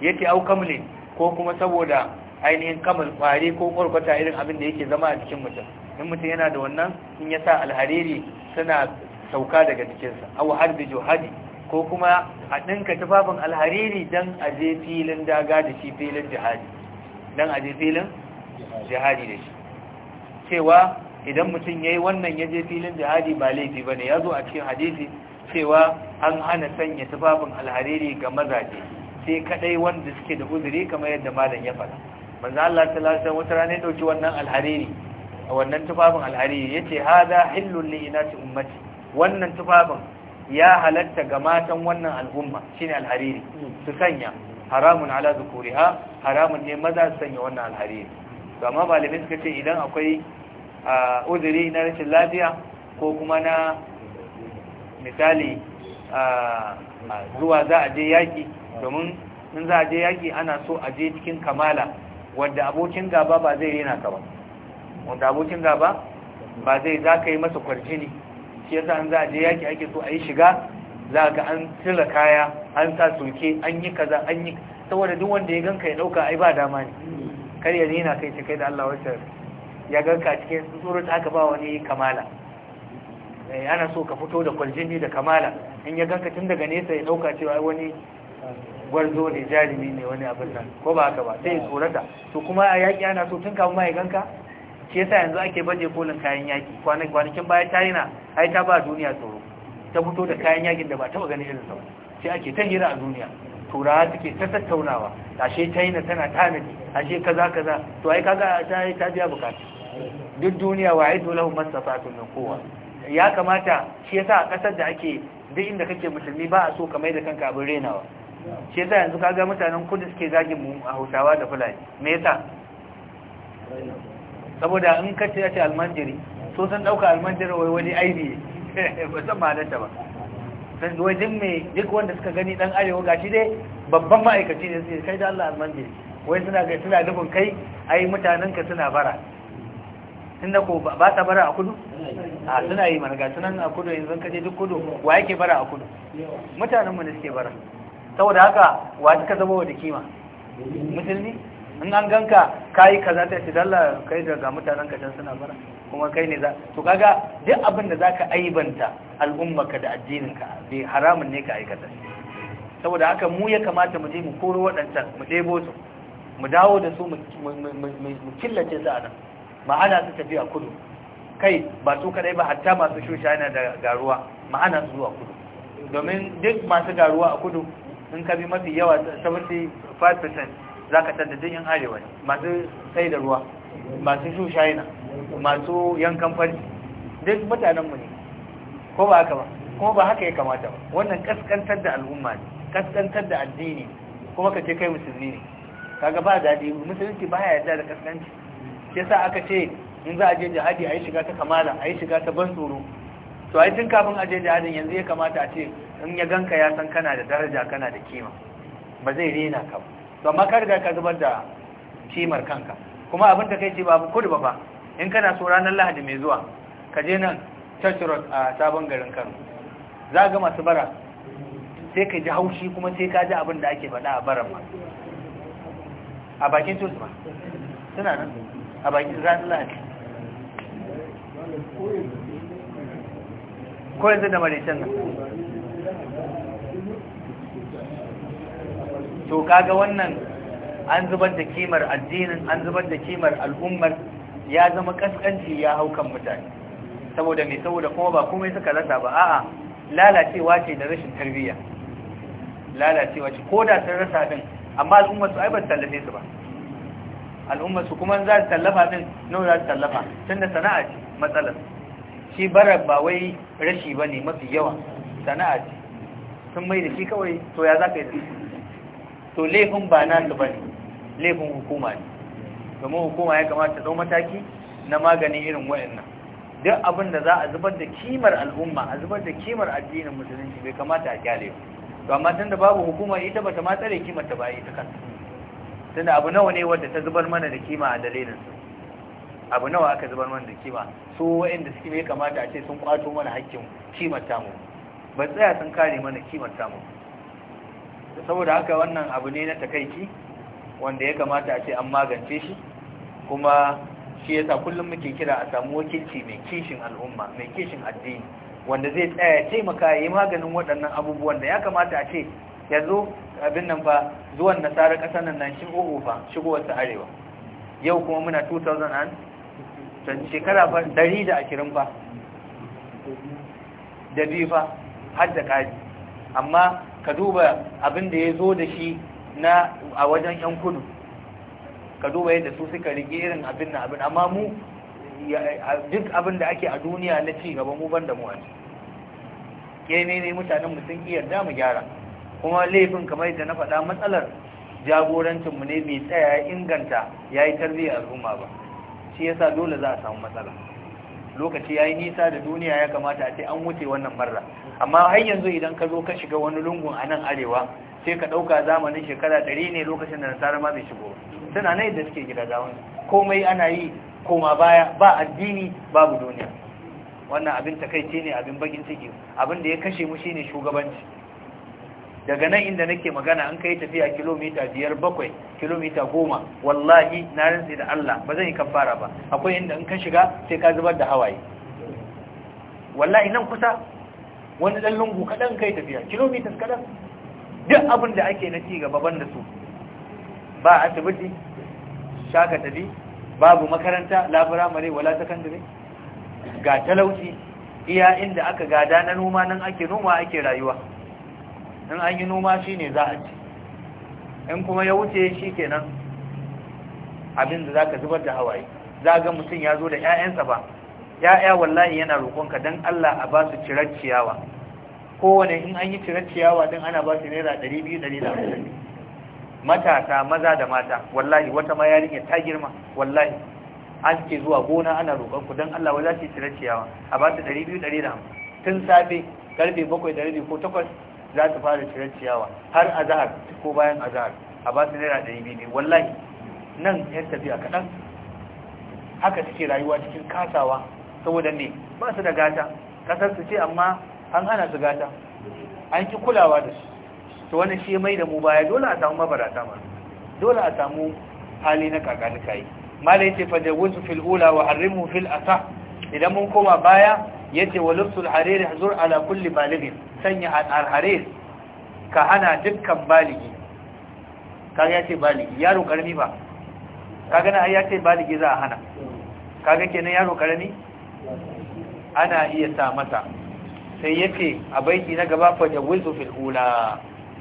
Speaker 1: yake au ne ko kuma saboda ainihin kamal kwari ko kwarkwata irin abin da yake zama a cikin mutum in mutum yana da wannan in ya sa alhariri suna sauka daga jikinsa au harbi johadi ko kuma a ɗinka tufafin alhariri don a je filin daga da shi filin jihadi don a je filin jihadi da shi cewa idan mutum ya yi wannan ya je filin jihadi ba laifi ba ne ya zo a cikin hadisi cewa an hana sanya tufafin alhariri ga mazaje sai kadai wanda suke da uzuri kamar yadda malam ya faɗa manzo Allah sallallahu alaihi wata rana ya dauki wannan alhariri wannan tufafin alhariri yace hada hillul li inati ummati wannan tufafin ya halatta ga matan wannan al'umma shine alhariri su sanya haramun ala zukuriha haramun ne maza su sanya wannan alhariri amma malamin suka ce idan akwai uzuri na rashin lafiya ko kuma na misali zuwa za a je yaki. domin in za a je yaƙi ana so a je cikin kamala wanda abokin gaba ba zai rena ka ba wanda abokin gaba ba zai za ka yi masa kwarjini shi yasa in za a je yaƙi ake so a yi shiga za ga an cire kaya an sa soke an yi kaza an yi saboda duk wanda ya ganka ya ɗauka ai ba dama ne kar ya rena kai ce kai da Allah wacce ya ganka cikin tsoron aka ba wani kamala eh, ana so ka fito da kwaljini da kamala in ya ganka tun daga nesa ya ɗauka cewa wani gwarzo ne jarumi ne wani abin nan ko ba haka ba sai ya tsorata to kuma a yaƙi ana so tun kamun mahaiganka ke sa yanzu ake baje kolin kayan yaƙi kwanakin baya china ai ta ba duniya tsoro ta fito da kayan yaƙin da ba taɓa ganin irin sau sai ake ta hira a duniya turawa suke ta tattaunawa ashe china tana tanadi ashe kaza kaza to ai kaga ta yi ta biya bukata duk duniya wa aidu lahum mastafatun min kowa ya kamata shi yasa a kasar da ake duk inda kake musulmi ba a so ka mai da kanka abin renawa shi za yanzu kaga mutanen kudu suke zagin mu a Hausawa da Fulani me yasa saboda in ka ce ya ce almanjiri so san dauka almanjiri wai wani aibi ba san malanta ba san wai duk me duk wanda suka gani dan arewa gashi dai babban ma'aikaci ne sai kai da Allah almanjiri wai suna ga suna nufin kai ai mutanen ka suna bara tunda ko ba ta bara a kudu a suna yi mana ga sunan a kudu yanzu kaje duk kudu wa yake bara a kudu mutanen mu ne suke bara saboda haka wa ka zama wa da kima musulmi in an ganka kayi kaza ta ce dalla kai daga mutanen ka can suna bara kuma kai ne za to kaga duk abin da zaka aibanta al'ummarka da addininka bai haramun ne ka aikata saboda haka mu ya kamata mu je mu koro waɗancan mu ɗebo su mu dawo da su mu killace su a nan ma'ana su tafiya kudu kai ba su kadai ba hatta masu shusha yana da garuwa ma'ana su zuwa kudu domin duk masu garuwa a kudu in ka bi mafi yawa 5% za ka tattar jirgin arewa masu sai da ruwa masu shu shaina masu yankan fari duk mutanenmu ne ko ba haka ba kuma ba haka ya kamata ba wannan kaskantar da al'umma ne kaskantar da addini kuma ka ce kai musulmi ne kaga ba daɗi musulunci baya yarda da kaskanci shi yasa aka ce in za a je jihadi a yi shiga ta kamala a yi shiga ta ban tsoro to a yi tun kafin a je jihadin yanzu ya kamata a ce in ya ganka ya san kana da daraja kana da kima ba zai rena ka ba amma ka riga ka zubar da kimar kanka kuma abin da kai ce babu kudu ba fa in kana so ranar lahadi mai zuwa ka je nan church road a sabon garin kano za ga masu bara sai ka ji haushi kuma sai ka ji abin da ake faɗa a baran ma a bakin church ma suna nan a bakin ranar lahadi
Speaker 2: ko yanzu da maraicen nan
Speaker 1: to kaga wannan an zubar da kimar addinin an zubar da kimar al'ummar ya zama kaskanci ya hau kan mutane saboda mai saboda kuma ba kuma suka rasa ba a'a lalacewa ce da rashin tarbiyya lalacewa ce ko da sun rasa din amma al'ummar su ai ba tallafe su ba al'ummar su kuma za su tallafa din nawa za su tallafa tunda sana'a ce matsalar shi barar ba wai rashi ba ne mafi yawa sana'a ce sun mai da shi kawai to ya za ka yi to laifin ba na su bane laifin hukuma ne domin hukuma ya kamata ɗau mataki na maganin irin wa'annan duk abin da za a zubar da kimar al'umma a zubar da kimar addinin musulunci bai kamata a kyale to amma tun da babu hukuma ita ta ma tsare kimar ta ba ita tun tunda abu nawa ne wadda ta zubar mana da kima a dalilin abu nawa aka zubar mana da kima su wa'anda suke bai kamata a ce sun kwato mana hakkin kimar tamu ba tsaya sun kare mana kimar samu saboda haka wannan abu ne na takaici wanda ya kamata a ce an magance shi kuma shi yasa kullum muke kira a samu wakilci mai kishin al'umma mai kishin addini wanda zai tsaya taimaka ya yi maganin waɗannan abubuwan da ya kamata a ce zo abin nan ba zuwan nasarar ƙasar nan nan shigo ufa arewa yau kuma muna 2000 an shekara fa 120 fa da biyu fa har da ƙari amma ka duba abin da ya zo da shi na a wajen yan kudu ka duba yadda su suka rige irin abin na abin amma mu duk abin da ake a duniya na ci gaba mu ban da mu wani ke ne ne mutanen mu sun iya da mu gyara kuma laifin kamar da na faɗa matsalar jagorancinmu ne mai tsaya inganta ya yi tarbiyyar al'umma ba shi yasa dole za a samu matsala lokaci yi nisa da duniya ya kamata a ce an wuce wannan marra amma har yanzu idan ka zo ka shiga wani lungun a nan arewa sai ka ɗauka zamanin shekara ɗari ne lokacin da nasara ma bai shigo suna nan da suke gida zaman komai ana yi koma baya ba addini babu duniya wannan abin takaici ne abin bakin ciki abin da ya kashe mu shine shugabanci daga nan inda nake magana an kai tafiya kilomita biyar bakwai kilomita goma wallahi na rantsi da Allah ba zan yi kafara ba akwai inda in ka shiga sai ka zubar da hawaye wallahi nan kusa wani dan lungu kadan kai tafiya kilomita kadan duk abin da ake na ci gaba banda su ba asibiti shaka tafi babu makaranta labaramare wala sakandare ga talauci iya inda aka gada na noma nan ake noma ake rayuwa in an yi noma shi ne za a ci in kuma ya wuce shi kenan abin da za ka zubar da hawaye za ga mutum ya zo da 'ya'yansa ba ya'ya wallahi yana roƙonka don Allah a ba su cirar ciyawa kowane in an yi cirar ciyawa din ana ba su naira ɗari biyu ɗari da hamsin matasa maza da mata wallahi wata ma yarinya ta girma wallahi an ke zuwa gona ana roƙonku, don Allah wala ce cirar ciyawa a ba su ɗari biyu ɗari da tun safe karfe bakwai da rabi ko takwas za su fara cirar ciyawa har azahar ko bayan azahar a ba su naira ɗari biyu wallahi nan tafi tafiya kaɗan haka suke rayuwa cikin kasawa saboda ne ba su da gata kasar su ce amma an hana su gata an ki kulawa da su to wannan shi mai da mu baya dole a samu mabarata ma dole a samu hali na kakanikayi malai ce fa jawuzu fil ula wa harimu fil asa idan mun koma baya yace wa harir hazur ala kulli balighin sanya al-harir ka hana dukkan baligi kaga yace baligi yaro karami ba kaga na yace baligi za a hana kaga kenan yaro karami ana iya sa masa sai yace a baiti na gaba fa wuzu fil ula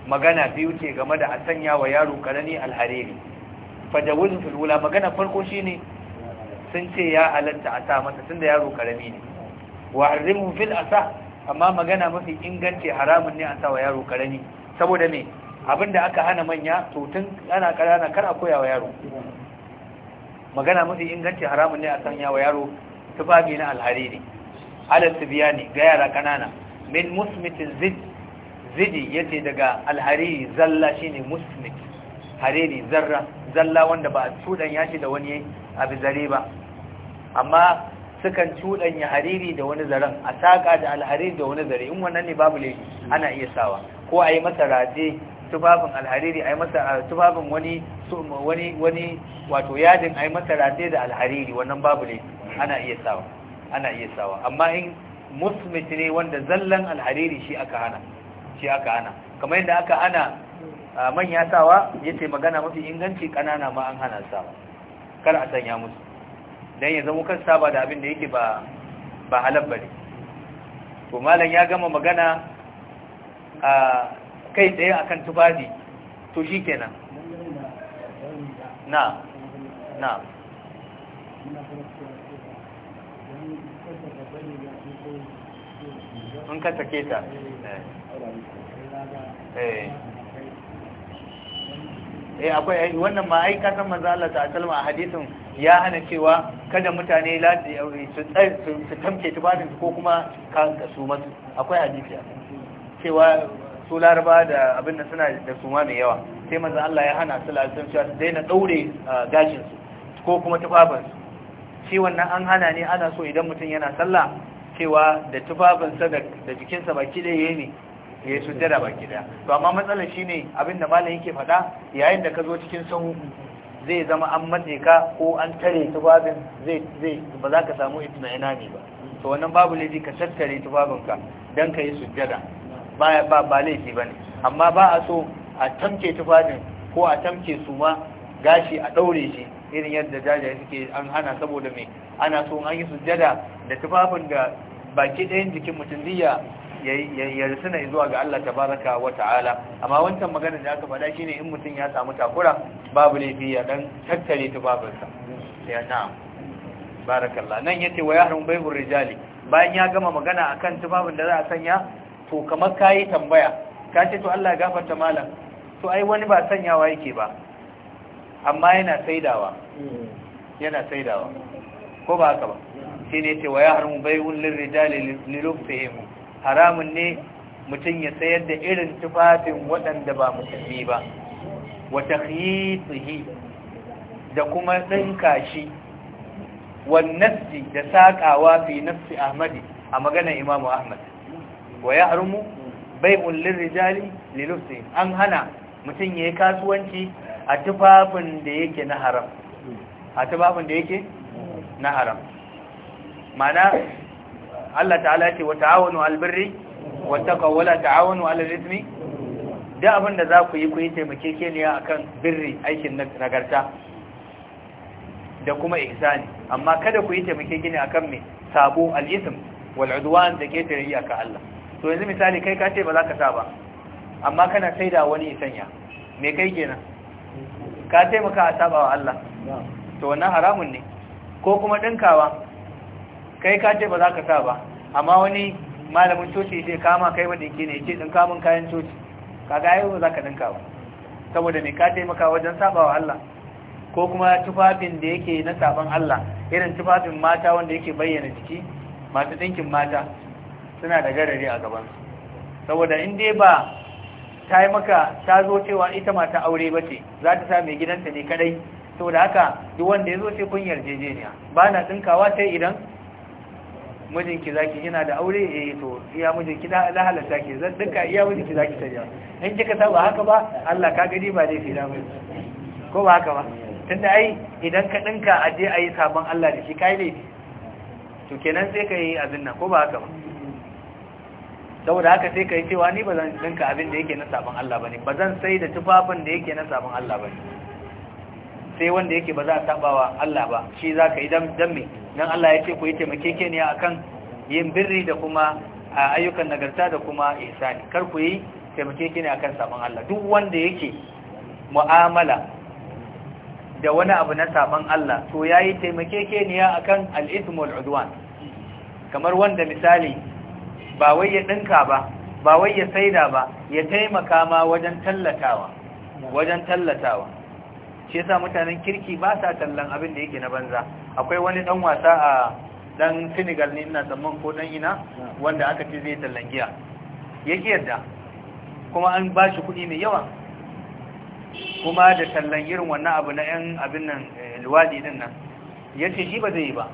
Speaker 1: magana biyu ce game da a sanya wa yaro karami al-hariri fa wuzu fil ula magana farko shine sun ce ya halatta a sa masa tunda yaro karami ne wa arzimu fil asa amma magana mafi inganci haramun ne an sa wa yaro karami saboda me abinda aka hana manya to tun ana karana kar a koya wa yaro magana mafi inganci haramun ne a sanya wa yaro tufafi na alhariri ala tibiyani ga yara kanana min musmitin zid zidi yace daga alhariri zalla shine musmit hariri zarra zalla wanda ba a tudan yashi da wani abu-zare ba amma sukan cuɗanya hariri da wani zaren a saƙa da alhariri da wani zare in wannan ne babu laifi ana iya sawa ko a yi masa raje tufafin alhariri a yi masa tufafin wani wani wani wato yadin a yi masa raje da alhariri wannan babu laifi ana iya sawa ana iya sawa amma in musmit ne wanda zallan alhariri shi aka hana shi aka hana kamar yadda aka hana manya sawa yace magana mafi inganci ƙanana ma an hana sawa kar a sanya musu dan ya zama kan saba da abin da yake ba ba halal bane to malam ya gama magana a kai a akan tufafi to shi kenan
Speaker 2: na na in ka
Speaker 1: take ta eh eh akwai eh, wannan ma ai manzo Allah ta sallama a hadisin ya hana cewa kada mutane su tamke su, ko kuma ka su masu akwai hadisiya cewa su laraba da abin da suna da suma mai yawa sai maza Allah ya hana su lalisan cewa su daina ɗaure gashinsu ko kuma tufafinsu shi wannan an hana ne ana so idan mutum yana sallah cewa da tufafinsa da jikinsa baki ɗaya ne ya su jada baki ɗaya to amma matsalar shi ne abin da malam yake faɗa yayin da ka zo cikin sahu zai zama an matse ka ko an tare tubabin zai ba za ka samu ina ne ba to wannan babu laifi ka tattare tubabinka dan ka yi sujjada ba ba ba laifi bane amma ba a so a tamke tufafin ko a tamke su ma gashi a ɗaure shi irin yadda jajaye suke an hana saboda me ana so an yi sujjada da tufafin da baki ɗayan jikin mutum zai ya na zuwa ga Allah tabaraka wa ta'ala amma wancan magana da aka faɗa shine in mutum ya samu takura babu laifi ya dan tattare tufafinsa ya na'am barakallah nan yace wa yahrum bayhur rijali bayan ya gama magana akan tubabin da za a sanya to kamar kai tambaya ka ce to Allah ya gafarta malam to ai wani ba sanyawa yake ba amma yana saidawa yana saidawa ko ba haka ba shine yace wa yahrum bayhur rijali lilubtihim haramun ne mutum ya sayar da irin tufafin waɗanda ba musulmi ba wata khitihi da kuma ɗinka shi wannafsi da saƙawa fi nafsi ahmadi a maganar imamu ahmad wa ya harumu bai'un rijali lilufsi an hana mutum ya yi kasuwanci a tufafin da yake na haram a tufafin da yake na haram mana Allah ta'ala ce wa ta'awunu albirri wa taqawwala ta'awanu ta'awunu ismi da abin da za ku yi ku yi taimake taimakekeniya akan birri aikin nagarta da kuma ihsani amma kada ku yi taimake taimakekeniya akan me sabo al-ism wal udwan da ke tare iyaka Allah to yanzu misali kai ka ce ba za ka sa ba amma kana saida wani isanya me kai kenan ka taimaka a saba wa Allah to wannan haramun ne ko kuma dinkawa kai ka ce ba za ka sa ba amma wani malamin coci ce kama kai ba dinki ne ce ɗin kamun kayan coci ka ga ba za ka dinka ba saboda me ka taimaka wajen sabawa Allah ko kuma tufafin da yake na saban Allah irin tufafin mata wanda yake bayyana jiki masu ɗinkin mata suna da garare a gaban saboda in dai ba ta yi maka ta zo cewa ita mata aure ba ce za ta sa mai gidanta ne kadai saboda haka duk wanda ya zo ce kun yarjejeniya ba na ɗinkawa sai idan mijinki zaki yana da aure eh to iya mijinki da Allah halatta ki zan dinka iya mijinki zaki sanya in kika saba haka ba Allah ka gani ba dai fira mai ko ba haka ba tunda ai idan ka dinka a je ayi sabon Allah da shi kai ne to kenan sai ka yi abin nan ko ba haka ba saboda haka sai ka yi cewa ni ba zan dinka abin da yake na sabon Allah bane ba zan sai da tufafin da yake na sabon Allah bane sai wanda yake ba za a tabawa Allah ba shi za ka yi dan me Allah ya ce ku yi taimakekeniya akan yin birri da kuma ayyukan nagarta da kuma ihsani kar ku yi taimakekeniya akan saban Allah duk wanda yake mu'amala da wani abu na saban Allah to yayi taimakekeniya akan al-ithm wal udwan kamar wanda misali ba wai ya dinka ba ba wai ya saida ba ya taimaka ma wajen tallatawa wajen tallatawa shi yasa mutanen kirki ba sa tallan abin da yake na banza akwai wani dan wasa a dan Senegal ne ina tsamman ko dan ina wanda aka ce zai tallan giya yake yadda kuma an ba shi kuɗi mai yawa kuma da tallan irin wannan abu na yan abin nan eh, luwadi din nan ce shi ba zai yi ba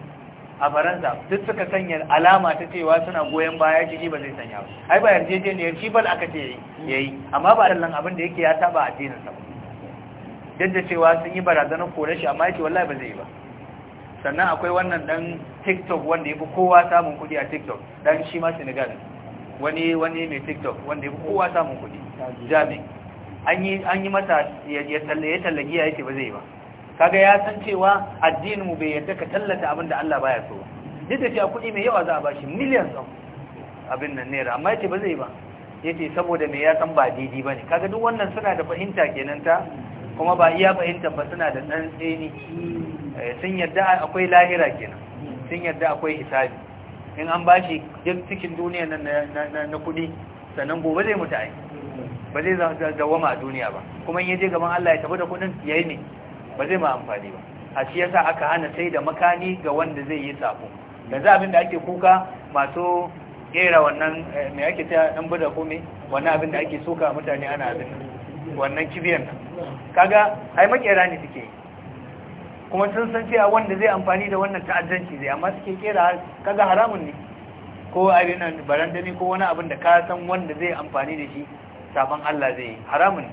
Speaker 1: a faransa duk suka sanya alama ta cewa suna goyon baya shi ba zai sanya ba ai ba yarjejeniyar shi bal aka ce yayi amma ba tallan abin da yake ya taba addinin sa ba duk da cewa sun yi barazanar kore shi amma yake wallahi ba zai yi ba sannan akwai wannan dan tiktok wanda ya fi kowa samun kudi a tiktok dan shi ma senegal wani wani mai tiktok wanda ya fi kowa samun kudi jami an yi mata ya tallage ya yake ba zai yi ba kaga ya san cewa addinin mu bai yadda ka tallata abin da Allah baya so duk da cewa kudi mai yawa za a bashi millions of abin nan naira amma yake ba zai yi ba yace saboda me ya san ba daidai bane kaga duk wannan suna da fahimta kenan ta kuma ba iya fahimta ba suna da ɗan tsini eh, sun yadda akwai lahira kenan sun yadda akwai hisabi in an shi duk cikin duniya na kudi sannan gobe zai mutu ai ba zai zawama a duniya ba kuma in yaje gaban Allah ya tafi da kudin yi ne ba zai ma amfani ba a shi yasa aka hana sai da makani ga wanda zai yi sako yanzu abin da ake kuka masu kera wannan eh, me ake ta dan bada ko me wannan abin da ake soka mutane ana abin wannan kibiyar nan kaga ai makera ne suke kuma sun san cewa wanda zai amfani da wannan ta'addanci zai amma suke kera kaga haramun ne ko abin nan barandami ko wani abin da ka san wanda zai amfani da shi saban Allah zai haramun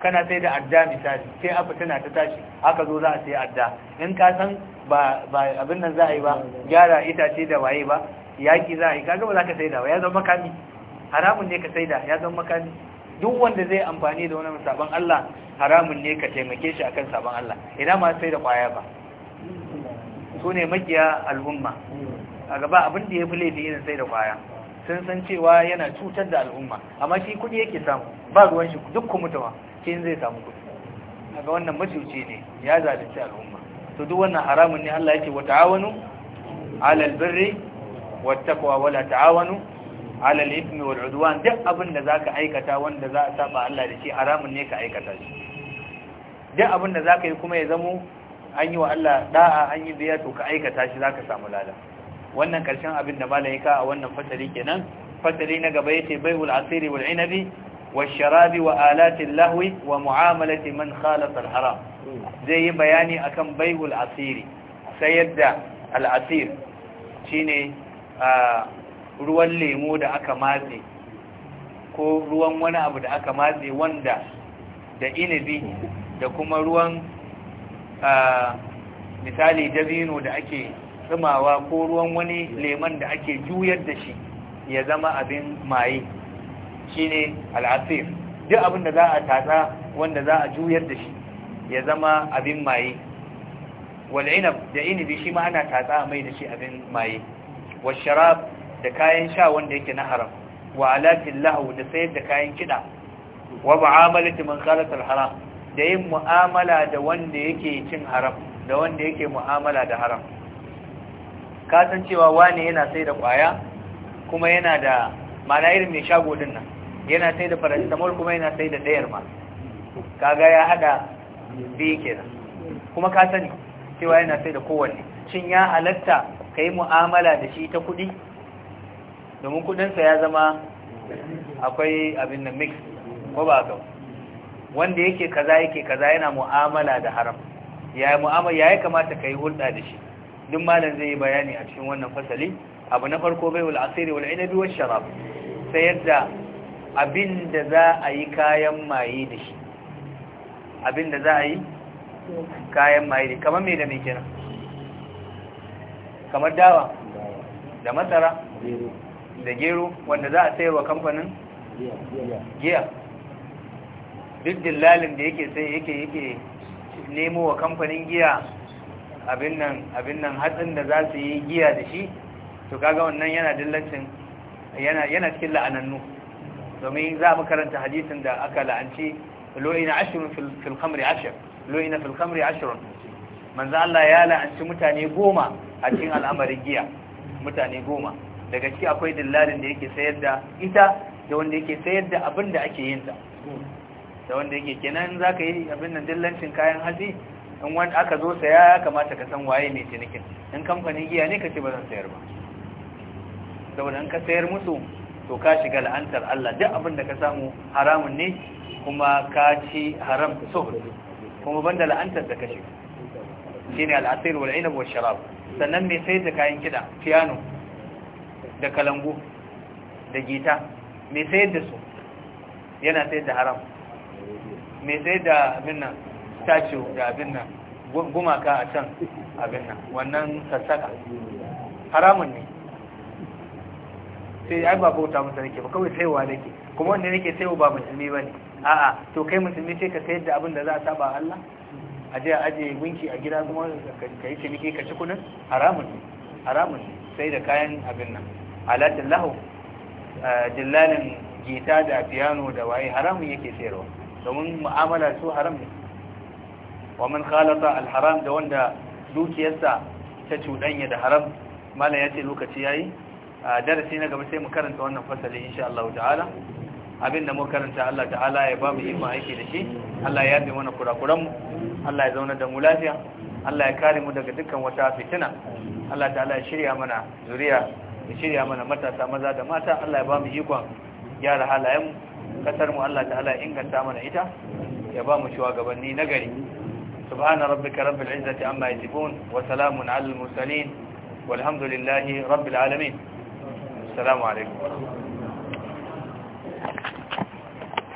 Speaker 1: kana sai da adda misali sai a fitina ta tashi Haka zo za a sai adda in ka san ba abin nan za a yi ba gyara itace da waye ba yaki za a yi kaga ba za ka sai da ba ya zama makami haramun ne ka sai da ya zama makami duk wanda zai amfani da wani sabon Allah haramun ne ka taimake shi akan sabon Allah ina ma sai da kwaya ba su ne makiya al'umma a gaba abin da ya fi laifi irin sai da kwaya sun san cewa yana cutar da al'umma amma shi kudi yake samu ba ruwan shi duk kuma tawa shi zai samu kudi daga wannan macuci ne ya zalunci al'umma to duk wannan haramun ne Allah yake wa ta'awanu alal birri taqwa wala ta'awanu alal ismi wal udwan duk abin da zaka aikata wanda za a saba Allah da shi haramun ne ka aikata shi duk abin da zaka yi kuma ya zamo an yi wa Allah da'a an yi biya to ka aikata shi zaka samu lada wannan karshen abin da malai ka a wannan fasali kenan fasali na gaba yace bai'ul asiri wal inabi والشراب وآلات اللهو ومعاملة من خالف الحرام زي بياني أكم بيع العصير سيد العصير شيني آه ruwan lemo da aka matse ko ruwan wani abu da aka matse wanda da inibi da kuma ruwan misali dabino da ake tsumawa ko ruwan wani leman da ake juyar da shi ya zama abin maye shine al'asir duk abin da za a tatsa wanda za a juyar da shi ya zama abin maye wal'inab da inibi shi ma ana tatsa mai da shi abin maye washarab da kayan sha wanda yake na haram wa alatin lahu da sayar da kayan kiɗa wa mu'amalati man khalaqa al-haram da yin mu'amala da wanda yake cin haram da wanda yake mu'amala da haram ka san cewa wani yana sai da kwaya kuma yana da mana irin mai shago din nan yana sai da paracetamol kuma yana sai da dayar ma kaga ya hada biyu kenan kuma ka sani cewa yana sai da kowanne shin ya halatta kai mu'amala da shi ta kuɗi domin kudinsa ya zama akwai abin da mix ko ba ka wanda yake kaza yake kaza yana mu'amala da haram ya mu'amala ya kamata yi hulɗa da shi duk malam zai yi bayani a cikin wannan fasali abu na farko bai wal asiri wal inabi wal sharab sai yadda abin da za a yi kayan maye da shi abin da za a yi kayan maye da kamar me da me kenan kamar dawa da masara da gero wanda za a sayarwa kamfanin giya duk dillalin da yake sai yake yake nemo wa kamfanin giya abin nan abin nan hatsin da za su yi giya da shi to kaga wannan yana dillancin yana yana cikin la'anannu domin za mu karanta hadisin da aka la'anci lo'ina ashrun fil khamri ashr lo'ina fil khamri ashrun manzo Allah ya la'anci mutane goma a cikin al'amarin giya mutane goma daga ciki akwai dillalin da yake sayar da ita da wanda yake sayar da abin da ake yin
Speaker 2: da
Speaker 1: wanda yake kenan za ka yi abin nan dillancin kayan hatsi in wanda aka zo saya ya kamata ka san waye mai cinikin in kamfanin giya ne ka ce ba zan sayar ba saboda in ka sayar musu to ka shiga la'antar Allah duk abin da ka samu haramun ne kuma ka ci haram so kuma banda la'antar da ka shiga shine al'asir wal'inab inab wal sharab sannan mai sayar da kayan kida piano da kalangu da gita mai sayar da su yana sayar da haram mai sayar da abin nan statue da abin nan gumaka a can abin nan wannan sassaka haramun ne sai ai ba bauta masa nake ba kawai saiwa nake kuma wanda nake saiwa ba musulmi bane a'a to kai musulmi sai ka sayar da abin da za a saba Allah a je a aje gunki a gida kuma ka yi ciniki ka ci kunin haramun ne haramun ne sai da kayan abin nan alatin lahu dillalin gita da piano da waye haramun yake sayarwa domin mu'amala su haram ne wa man khalata al-haram da wanda dukiyarsa ta cuɗanya da haram malam ya ce lokaci yayi darasi na gaba sai mu karanta wannan fasali insha Allah ta'ala abinda mu karanta Allah ta'ala ya ba mu ikon aiki da shi Allah ya yi mana kurakuran mu Allah ya zauna da mu lafiya Allah ya kare mu daga dukkan wata fitina Allah ta'ala ya shirya mana zuriya ya shirya mana matasa maza da mata Allah ya ba mu ikon gyara halayen kasar mu Allah ta'ala ya inganta mana ita ya ba mu shugabanni na gari subhana rabbika rabbil izzati amma yasifun wa salamun alal mursalin walhamdulillahi rabbil alamin assalamu alaikum